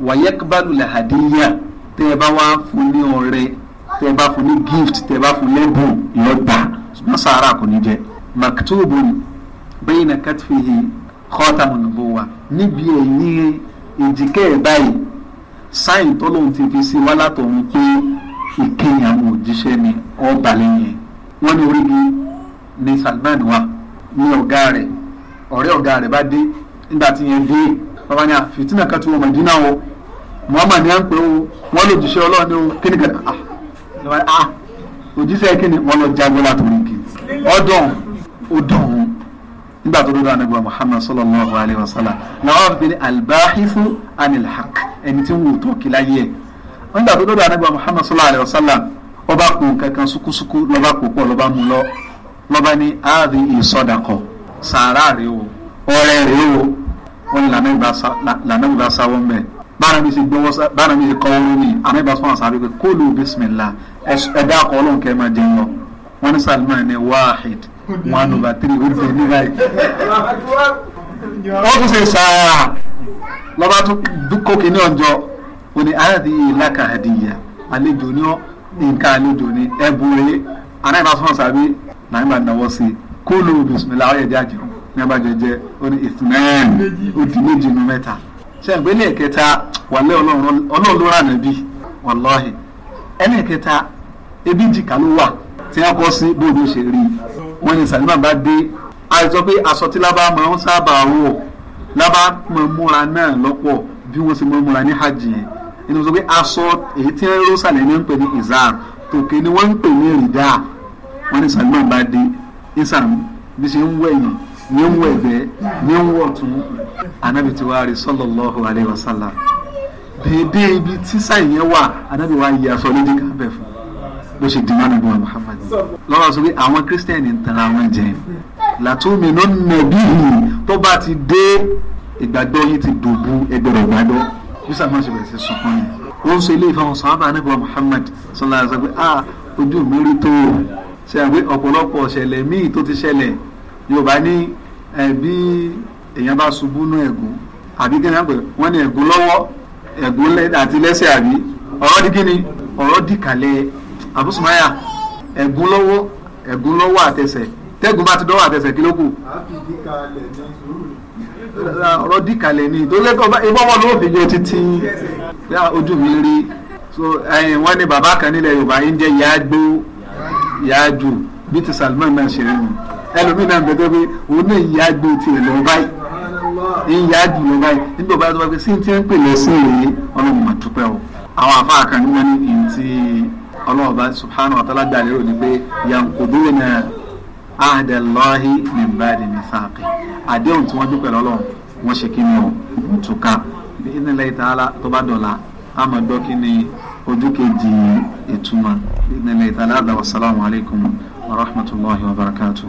wàyẹkbalu lahadiya tẹ ẹ bá wá fún ní ọrẹ gift tẹ ẹ bá fún lẹ́bùn yọ sara ṣùgbọ́n sàrà kò ní jẹ. maktubu bayna katfihi khatamun nubuwa níbi ẹ̀yìn èjìká ẹ̀ báyìí sáyìn tọ́lọ́hún ti fi sí wálá tọ̀hún pé ìkéyìn àwọn òjíṣẹ́ ni ọba lẹ́yìn wọ́n ní orí ni Salman wa ní ọ̀gá rẹ̀ ọ̀rẹ́ ọ̀gá rẹ̀ bá dé nígbà tí yẹn dé bàbá ní àfitínà kan tí wọ́n Mẹdínà o Muhammad ní à ń pè o wọ́n lè jíṣẹ́ ọlọ́ọ̀ni o kíni kan ah òjíṣẹ́ kíni wọ́n lọ jagun látòrí kí ọdún ọdún nígbà tó dúró ànágbà Muhammad sallallahu alayhi wa sallam làwọn fi ní albahifu anil haq ẹni tí ń wò tó kí láyé ẹ̀ nígbà tó dúró ànágbà Muhammad sallallahu alayhi wa sallam ọba kun kankan sukusuku lọba kò pọ̀ lọba mu lọ lọba ní ààrí ìsọdakọ sàárà rèé o ọrẹ rèé o wọ́n ní lànà ìgbà sáwọ́ mbẹ́ bára mi ṣe gbọ́wọ́ bára mi ṣe kọ́wọ́ lónìí àmọ́ ìbá sọ́wọ́n sáré pé kó lù bísímìlá ẹ̀dá akọ ọlọ́run kẹ́ máa jẹun lọ wọ́n ní Salman ní wahid one over three ó dé nígbà yìí wọ́n tún ṣe sáà lọ́ba tún kókè ní ọjọ́ ó ní ayáàdì ìlàkà àdìyà àlejò ní nǹkan àlejò ní ẹ̀bùrẹ́ àná ìbá sọ́wọ́n sáré nàìjíríà náwó sí kó lù bísímìlá ọ̀yẹ̀dẹ̀ àjẹun ní abájọ jẹ ó ní ìtìmẹ́ẹ̀n ó di méjì nu mẹ́ta ṣe àgbélé kẹta wàlẹ́ ọlọ́run ló rà nàbí wàlọ́hì ẹlẹ́kẹta ebi jìkà ló wà tí wọ́n kọ́ sí bóòdù ṣe rí wọ́n ní sàlímà bá dé àìsàn pé aṣọ tí lábá máa ń sábà wọ̀ lábá máa ń múra náà lọ́pọ̀ bí wọ́n ṣe máa ń múra ní hajj yẹn inú sọ pé aṣọ èyí tí wọ́n rọ́ṣàlẹ̀ ní ń pè ní izar tòkè ni wọ́n ń pè ní rìdá wọ́n ní sàlímà bá dé ìsàn bí ṣe ń wẹ̀yìn ní ń wọ ẹ̀gbẹ́ ní ń wọ ọ̀tún anabi ti wá rí sallallahu alaihi wasallam dèédé ibi tísà yẹn wà anabi wa yí aṣọ lójú kábẹ fún bó ṣe dìmọ́ nàbí wa Muhammad lọ́wọ́ sọ pé àwọn kírísítẹ́nì ń tara wọn jẹ làtúnmí ló nàbí yìí tó bá ti dé ìgbàgbọ́ yìí ti dòbu ẹgbẹ̀rún ìgbàgbọ́ bísà máa ṣe bẹ̀rẹ̀ sí sunkún ni ó ń sọ ilé ìfọwọ́ sàhábà anabi wa Muhammad sallallahu alaihi wasallam pé ah ojú mi rí tó ṣe àgbé ọ̀pọ̀lọpọ̀ ṣẹlẹ̀ míì tó ti ṣẹlẹ̀ yorùbá ní bí èèyàn bá ṣubú nú ẹ̀gún àbí kí ni wọ́n ní ẹ̀gún lọ́wọ́ ẹ̀gún àti lẹ́sẹ̀ àbí ọ̀rọ̀ di kí ni ọ̀rọ̀ di kàlẹ́ àbúsùmáyà ẹ̀gún lọ́wọ́ ẹ̀gún lọ́wọ́ àtẹsẹ̀ tẹ́gùn bá ti dọ́wọ́ àtẹsẹ̀ kí ló kù. ọ̀rọ̀ di kàlẹ̀ ni ìdólẹ́kọ̀ ibà wọn ló fi yọ títí ojú mi rí wọ́n ní bàbá kan nílẹ̀ yorùbá ń jẹ́ yáájú bí ti salman náà ṣe nù ẹlòmíín náà gbẹdẹ pé òun náà ìyá gbé tiẹ̀ lọ báyìí ìyá dì lọ báyìí nígbà bá tó bá fi sí ti ń pè lẹ́sìn rèé ọlọ́run mà dúpẹ́ o àwọn àfáà kan ní wọ́n ní ti ọlọ́run bá subhanahu wa ta'ala gbà lérò ni pé yankuduna ahdallahi min ba'di mithaqi àdéhùn tí wọ́n dúpẹ́ lọ́lọ́run wọ́n ṣe kí ni o ìtúká bí ìnìlẹ̀ ìtaala tó bá dọ̀la a máa kí ni ojú kejì ìtumọ̀ ìtaala àdàwọ̀ sálàmù alaykum wa rahmatulahi wa barakatuh.